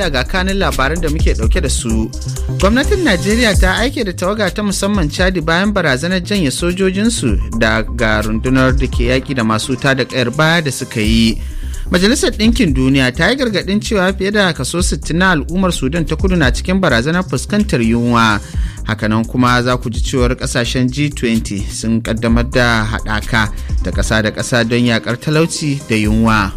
ga kanin labaran da muke dauke da su gwamnatin najeriya ta aike da tawaga ta musamman chadi bayan barazanar janye sojojinsu daga rundunar da ke yaki da masu ta da ƙayar baya da suka yi majalisar ɗinkin duniya ta yi gargaɗin cewa fiye da kaso 60 na al'ummar sudan ta kudu na cikin barazanar fuskantar yunwa hakanan kuma za ku ji cewar ƙasashen g20 sun ƙaddamar da haɗaka da ƙasa da ƙasa don yaƙar talauci da yunwa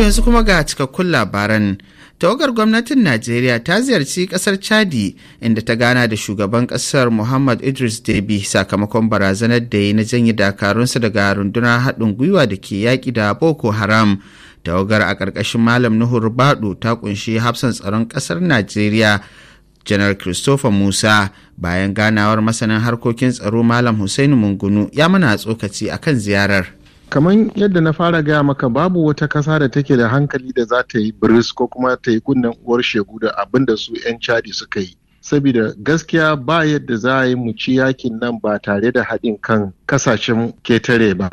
To yanzu kuma ga cikakkun labaran. Tawagar gwamnatin Najeriya ta ziyarci kasar Chadi inda ta gana da shugaban kasar Muhammad Idris debi sakamakon barazanar da ya na janye dakarunsa daga rundunar haɗin gwiwa da ke yaƙi da Boko Haram. Tawagar a ƙarƙashin Malam Nuhu Rubadu ta ƙunshi hafsan tsaron ƙasar Najeriya. janar christopher musa bayan ganawar masanin harkokin tsaro malam Hussaini mungunu ya mana tsokaci akan ziyarar kamar yadda na fara gaya maka babu wata kasa da take da hankali da za ta yi biris ko kuma ta yi kunnen uwar shegu da abin da su 'yan chadi suka yi saboda gaskiya ba yadda za a yi mu ci yakin nan ba tare da haɗin kan kasashen ketare ba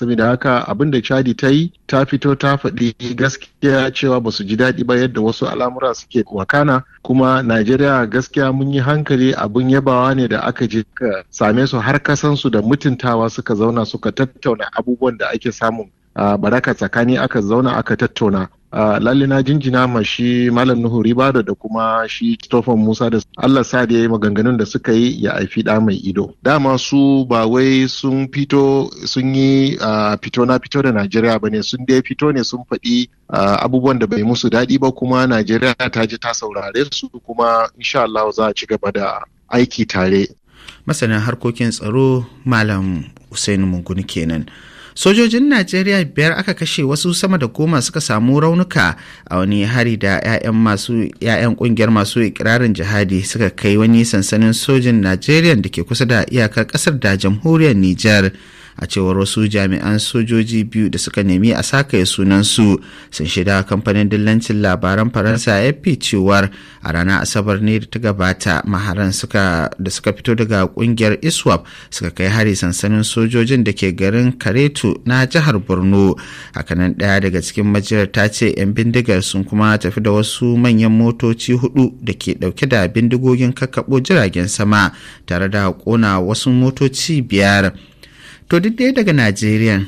saboda haka abin da chadi ta yi ta fito ta faɗi gaskiya cewa ba su ji daɗi ba yadda wasu al'amura suke wakana kuma najeriya gaskiya mun yi hankali abin yabawa ne da aka je ka same su har kasansu da mutuntawa suka zauna suka tattauna abubuwan da ake samun ah, baraka tsakani aka zauna aka tattauna Uh, lalle na jinjina ma shi malam nuhu ribado da kuma shi kitofan musa da allah sa da ya yi maganganun da suka yi ya haifi da mai ido dama su ba wai sun fito sun yi fito na fito da najeriya ba ne sun dai fito ne sun faɗi uh, abubuwan da bai musu daɗi ba kuma najeriya ta ji ta saurare su kuma insha allah za a ci gaba da aiki tare masanin harkokin tsaro malam usainu munguni kenan sojojin najeriya biyar aka kashe wasu sama da goma suka samu raunuka a wani hari da 'ya'yan masu 'ya'yan kungiyar masu ikirarin jihadi suka kai wani sansanin sojin najeriya da ke kusa da iyakar kasar da jamhuriyar Nijar. a cewar wasu jami'an sojoji biyu da suka nemi a sakaye sunansu sun shida kamfanin dillancin labaran faransa fp cewar a ranar asabar ne da ta gabata maharan da suka fito daga kungiyar iswap suka kai hari sansanin sojojin da ke garin karetu na jihar borno hakanan daya daga cikin majiyar ta ce 'yan bindigar sun kuma tafi da wasu manyan motoci hudu da ke dauke da bindigogin kakkaɓo jiragen sama tare da kona wasu motoci biyar to duk ɗaya daga najeriya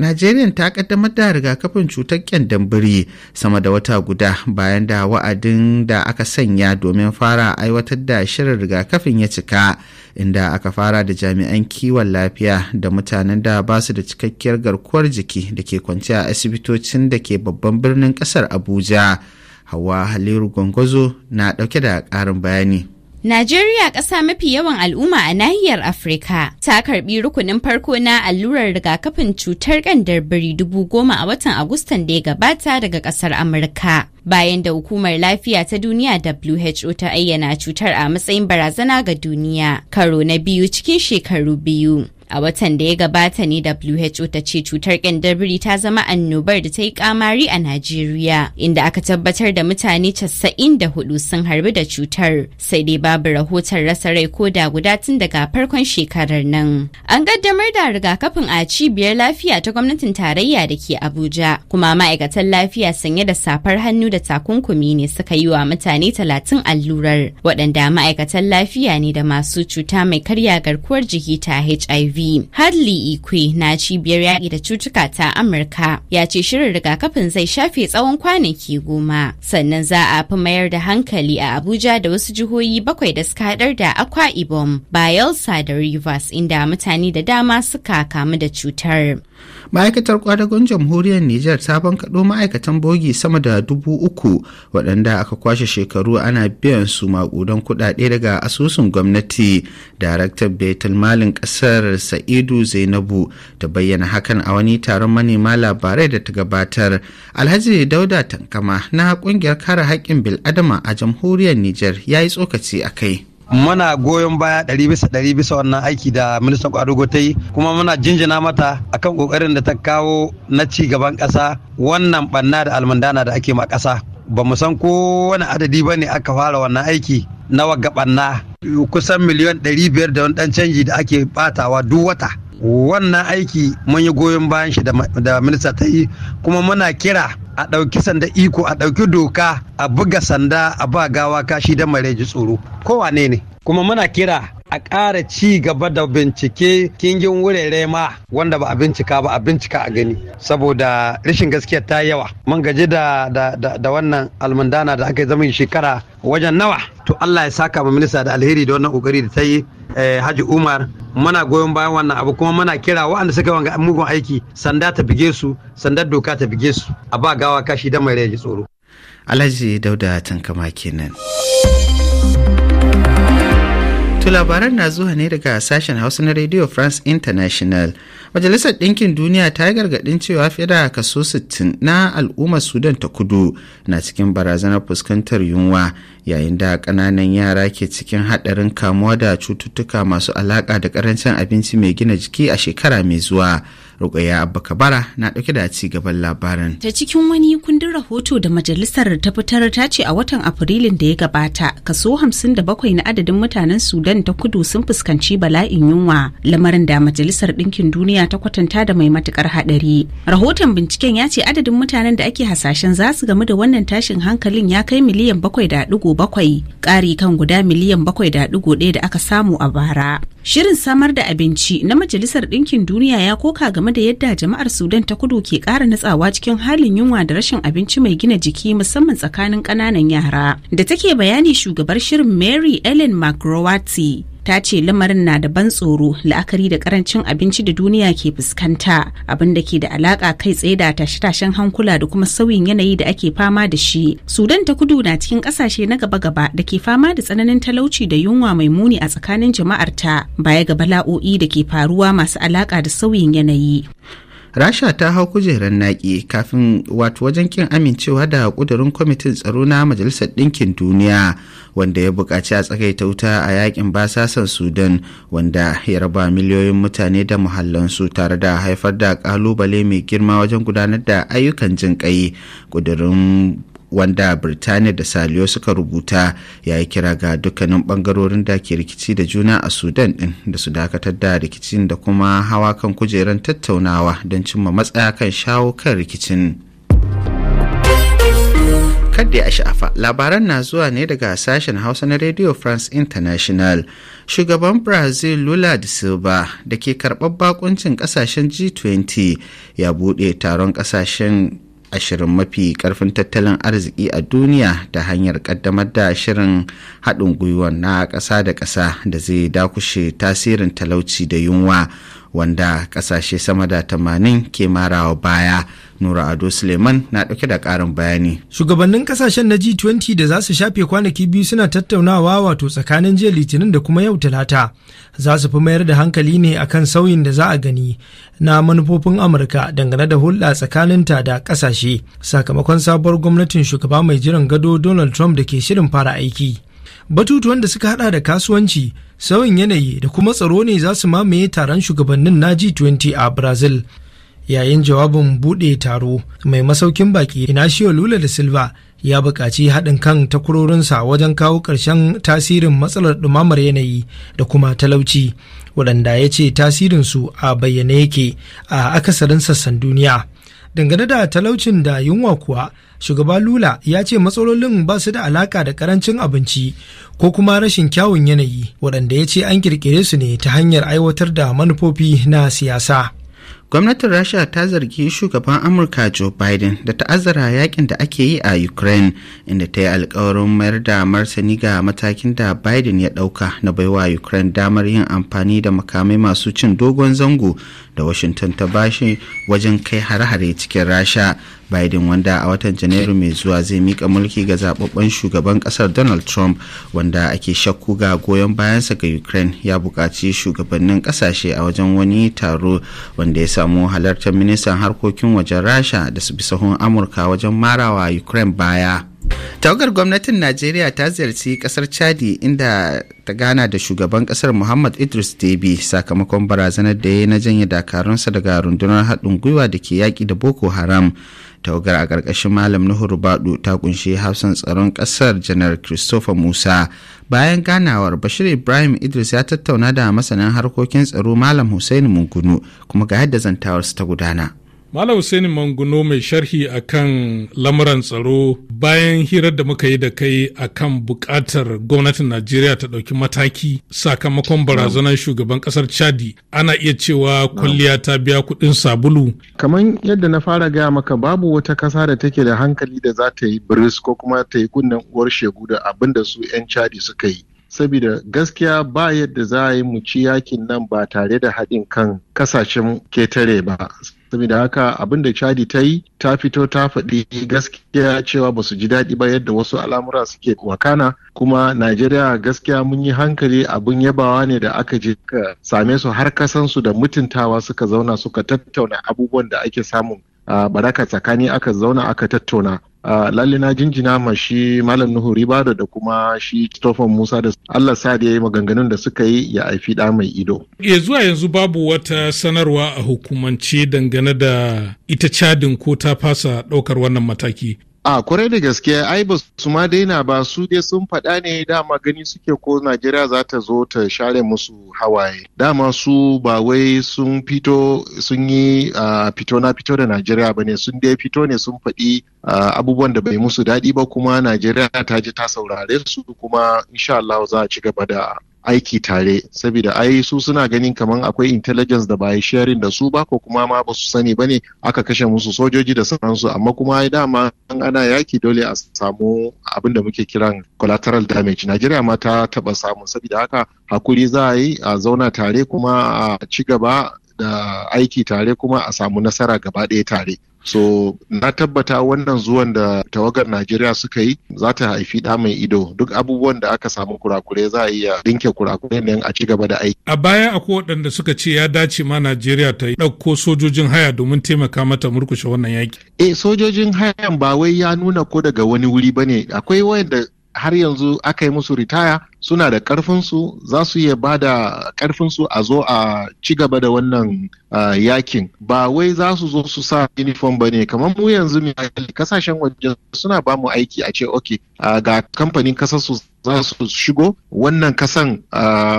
Najeriya ta kaddamar da rigakafin cutar biri sama da wata guda bayan da wa'adin da aka sanya domin fara aiwatar da shirin rigakafin ya cika inda aka fara da jami'an kiwon lafiya da mutanen da ba su da cikakkiyar garkuwar jiki da ke kwance a asibitocin da ke babban birnin ƙasar Abuja. Hawa Haliru gwangwazo na ɗauke da ƙarin bayani. Najeriya ƙasa mafi yawan al'umma a nahiyar Afirka ta karbi rukunin farko na allurar rigakafin cutar ƙandar biri dubu goma a watan Agustan da ya gabata daga ƙasar Amurka. Bayan da hukumar lafiya ta duniya WHO ta ayyana cutar a matsayin barazana ga duniya karo na biyu cikin shekaru biyu. A watan da ya gabata ne WHO ta ce cutar kyandarbiri ta zama annobar da ta yi kamari a Najeriya, inda aka tabbatar da mutane casa'in da hudu sun harbi da cutar, sai dai babu rahoton rasa rai ko da guda tun daga farkon shekarar nan. An kaddamar da rigakafin a cibiyar lafiya ta gwamnatin tarayya da ke Abuja, kuma ma'aikatan lafiya sanye da safar hannu da takunkumi ne suka yi wa mutane talatin allurar, waɗanda ma'aikatan lafiya ne da masu cuta mai karya garkuwar jiki ta HIV. HIV. Hadley Ikwe na cibiyar yaƙi da cutuka ta Amurka ya ce shirin rigakafin zai shafe tsawon kwanaki goma. Sannan za a fi mayar da hankali a Abuja da wasu jihohi bakwai da suka haɗar da Akwa Ibom, Bayelsa da Rivers inda mutane da dama suka kamu da cutar. ma'aikatar kwadagon jamhuriyar niger ta bankaɗo ma'aikatan bogi sama da dubu uku waɗanda aka kwashe shekaru ana biyan su maƙudan kuɗaɗe daga asusun gwamnati daraktan betul malin ƙasar sa'idu zainabu ta bayyana hakan a wani taron manema labarai da ta gabatar alhaji dauda tankama na kungiyar kare haƙƙin bil'adama a jamhuriyar niger ya yi tsokaci a kai muna goyon baya ɗari bisa ɗari bisa wannan aiki da ministan kwadugo ta kuma muna jinjina mata akan kokarin da ta kawo na ci gaban ƙasa wannan ɓanna da almandana da ake ma ƙasa ba mu san ko wani adadi ba ne aka fara wannan aiki na wagabanna kusan miliyan 500 da wani dan canji da ake batawa duk wata wannan aiki mun yi goyon bayan shi da minista ta yi kuma muna kira a ɗauki sanda iko a ɗauki doka a buga sanda a ba gawa kashi da mareji tsoro kowane ne kuma muna kira a ƙara ci gaba da bincike kingin wurare ma wanda ba a bincika ba a bincika a gani saboda rashin gaskiya ta yawa mun gaji da da wannan almundana da aka yi zaman shekara wajen nawa to Allah ya saka ma minista da alheri da wannan kokari da ta yi eh, Haji Umar muna goyon bayan wannan abu kuma muna kira waɗanda suka wanga mugun aiki sanda ta bige su sandar doka ta bige su a ba gawa kashi da mai rai tsoro Alhaji Dauda Tankama kenan. labaran na zuwa ne daga sashen Hausa na Radio France International majalisar ɗinkin duniya ta yi gargaɗin cewa fiye da kaso 60 na al'ummar sudan ta kudu na cikin barazanar fuskantar yunwa yayin da ƙananan yara ke cikin haɗarin kamuwa da cututtuka masu alaƙa da ƙarancin abinci mai gina jiki a shekara mai zuwa Rukaya Abba Kabara na ɗauke da ci gaban labarin. Ta cikin wani kundin rahoto da majalisar ta fitar ta ce a watan Afrilun da ya gabata kaso hamsin da bakwai na adadin mutanen Sudan ta kudu sun fuskanci bala'in yunwa lamarin da majalisar ɗinkin duniya duniya ta kwatanta da mai matukar hadari. Rahoton binciken ya ce adadin mutanen da ake hasashen za su gamu da wannan tashin hankalin ya kai miliyan bakwai da dugu bakwai ƙari kan guda miliyan bakwai da dugu ɗaya da aka samu a bara. Shirin samar da abinci na Majalisar Ɗinkin Duniya ya koka game da yadda jama'ar Sudan ta kudu ke ƙara natsawa cikin halin yunwa da rashin abinci mai gina jiki musamman tsakanin ƙananan yara. Da take bayani shugabar shirin Mary Ellen McGrawati ta ce lamarin na da ban tsoro la'akari da karancin abinci da duniya ke fuskanta abin da ke da alaka kai tsaye da tashe-tashen hankula da kuma sauyin yanayi da ake fama da shi sudan ta kudu na cikin kasashe na gaba-gaba da ke fama da tsananin talauci da yunwa mai muni a tsakanin jama'arta baya ga bala'o'i da ke faruwa masu alaka da sauyin yanayi rasha ta hau kujerar naƙi kafin wato wajen kin amincewa da ƙudurin kwamitin tsaro na majalisar ɗinkin duniya wanda ya buƙaci a tsakaita wuta a yakin basasan sudan wanda ya raba miliyoyin mutane da muhallansu tare da haifar da ƙalubale mai girma wajen gudanar da ayyukan jin ƙai ƙudurin wanda birtaniya da saliyo suka rubuta ya yi kira ga dukkanin bangarorin da ke rikici da juna a sudan din da su dakatar da rikicin da kuma hawa kan kujeran tattaunawa don cimma matsaya kan shawo kan rikicin kadda a sha'afa labaran na zuwa ne daga sashen hausa na radio france international shugaban brazil lula da silva da ke karɓar bakuncin kasashen g20 ya buɗe taron kasashen. ashirin mafi karfin tattalin arziki a duniya ta hanyar kaddamar da shirin haɗin gwiwa na ƙasa da ƙasa da zai dakushe tasirin talauci da yunwa wanda kasashe sama da tamanin ke marawa baya nura ado suleiman na dauke da karin bayani shugabannin kasashen na g20 da za su shafe kwanaki biyu suna tattaunawa wato tsakanin jiya litinin da kuma yau talata za su fi mayar da hankali ne akan sauyin da za a gani na manufofin amurka dangane da hulɗa tsakanin ta da kasashe sakamakon sabuwar gwamnatin shugaba mai jiran gado donald trump da ke shirin fara aiki batutuwan da suka hada da kasuwanci sauyin yanayi da kuma tsaro ne za su mamaye taron shugabannin na G20 a Brazil. Yayin jawabin buɗe taro mai masaukin baki Inacio Lula da Silva ya buƙaci haɗin kan takwarorinsa wajen kawo ƙarshen tasirin matsalar ɗumamar yanayi da kuma talauci waɗanda ya ce tasirinsu a bayyane yake a akasarin sassan duniya. dangane da talaucin da yunwa kuwa shugaba lula ya ce matsalolin ba su da alaka da karancin abinci ko kuma rashin kyawun yanayi waɗanda ya ce an kirkire su ne ta hanyar aiwatar da manufofi na siyasa gwamnatin rasha ta zargi shugaban amurka joe biden da ta'azzara yakin da ake yi a ukraine inda ta yi alkawarin mayar da martani ga matakin da biden ya dauka na baiwa ukraine damar yin amfani da makamai masu cin dogon zango da washington ta bashi wajen kai hare-hare cikin rasha biden wanda a watan janairu mai zuwa zai mika mulki ga zababben shugaban kasar donald trump wanda ake shakku ga goyon bayansa ga ukraine ya bukaci shugabannin ƙasashe a wajen wani taro wanda ya samu halartar ministan harkokin wajen rasha da su bi sahun amurka wajen marawa ukraine baya tawagar gwamnatin najeriya ta ziyarci kasar chadi inda ta gana da shugaban kasar muhammad idris debi sakamakon barazanar da ya yi na janye dakarunsa daga rundunar haɗin gwiwa da ke yaƙi da boko haram tawagar a ƙarƙashin malam nuhu bado ta kunshi hafsan tsaron ƙasar janar christopher musa bayan ganawar bashir ibrahim idris ya tattauna da masanin harkokin tsaro malam hussein mungunu kuma ga yadda zantawarsu ta gudana Malam Hussein Manguno mai sharhi a kan lamuran tsaro bayan hirar da muka yi da kai a kan buƙatar gwamnatin Najeriya ta ɗauki mataki sakamakon barazanar shugaban ƙasar Chadi ana iya cewa kwalliya ta biya kuɗin sabulu. Kamar yadda na fara gaya maka babu wata ƙasa da take da hankali da za ta yi biris ko kuma ta yi kunnen uwar shegu da abin da su 'yan Chadi suka yi. sabida gaskiya ba yadda za a yi mu ci yakin nan ba tare da haɗin kan ƙasashen ketare ba saboda haka abin da chadi ta yi ta fito ta faɗi gaskiya cewa ba su ji daɗi ba yadda wasu al'amura suke wakana kuma najeriya gaskiya mun yi hankali abin yabawa ne da aka je ka same su har kasansu da mutuntawa suka zauna suka tattauna abubuwan da ake samun ah, baraka tsakani aka zauna aka tattauna Uh, lalle na jinjina ma shi malam nuhu ribado da kuma shi tofan musa da allah sa da ya yi maganganun da suka yi ya haifi da mai ido ya zuwa yanzu babu wata sanarwa a hukumance dangane da ita cadin ko ta fasa ɗaukar wannan mataki a kwarai da gaske ai ba su ma daina ba su dai sun faɗa ne dama gani suke ko najeriya za ta zo ta share musu hawaye dama su ba wai sun fito sun yi fito na fito da najeriya ba ne sun dai fito ne sun faɗi Uh, abubuwan da bai musu daɗi ba kuma Najeriya ta ji ta saurare su kuma insha Allah za a ci gaba da aiki tare saboda ai su suna ganin kamar akwai intelligence da ba yi sharing da su ba ko kuma ma ba su sani ba ne aka kashe musu sojoji da sauransu amma kuma ai dama an ana yaki dole a samu abin da muke kiran collateral damage Najeriya ma ta taba samu saboda haka hakuri za a yi a zauna tare kuma a ci gaba da aiki tare kuma a samu nasara gaba ɗaya tare so na tabbata wannan zuwan da tawagar najeriya suka yi za ta haifi da mai ido duk abubuwan da aka samu kurakure za a iya dinke kurakure ne a ci gaba da aiki a baya akwai waɗanda suka ce ya dace ma najeriya ta yi ɗauko sojojin haya domin taimaka mata murkushe wannan yaki e eh, sojojin hayan ba wai ya nuna ko daga wani wuri bane akwai wayanda har yanzu aka yi musu ritaya suna da karfinsu za su iya ba da karfinsu a zo a ci gaba da wannan yakin ba wai za su zo su sa uniform ba ne kamar mu yanzu misali kasashen waje suna ba mu aiki a ce ok ga kamfanin kasar su za su shigo wannan kasan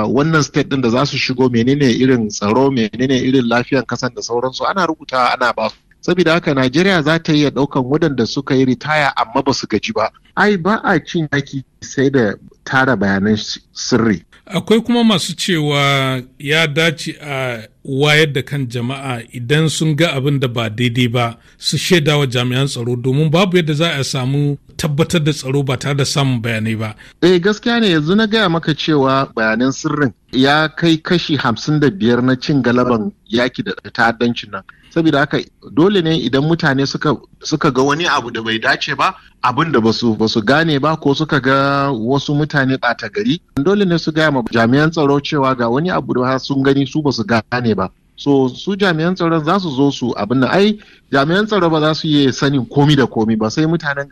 wannan state din da za su shigo menene irin tsaro menene irin lafiyan kasan da sauransu ana rubuta ana ba su saboda haka Najeriya za ta iya ɗaukan waɗanda suka yi ritaya amma ba su gaji ba. Ai ba a cin yaki sai da tara bayanan sirri. Akwai kuma masu cewa ya dace a wayar da kan jama'a idan sun ga abin da ba daidai ba su shaidawa jami'an tsaro domin babu yadda za a samu tabbatar da tsaro ba tare da samun bayanai ba. Eh gaskiya ne yanzu na gaya maka cewa bayanan sirrin ya kai kashi hamsin da biyar na cin galaban yaki da ta'addancin nan. Saboda haka dole ne idan mutane suka, suka ga wani abu da bai dace ba abin da basu basu gane ba ko suka ga wasu mutane ɓata gari dole ne su gaya ma jami'an tsaro cewa ga wani abu da sun gani su basu gane ba. so su jami'an tsaron za su zo su abin nan ai jami'an tsaro ba za su iya sanin komi da komi ba sai mutanen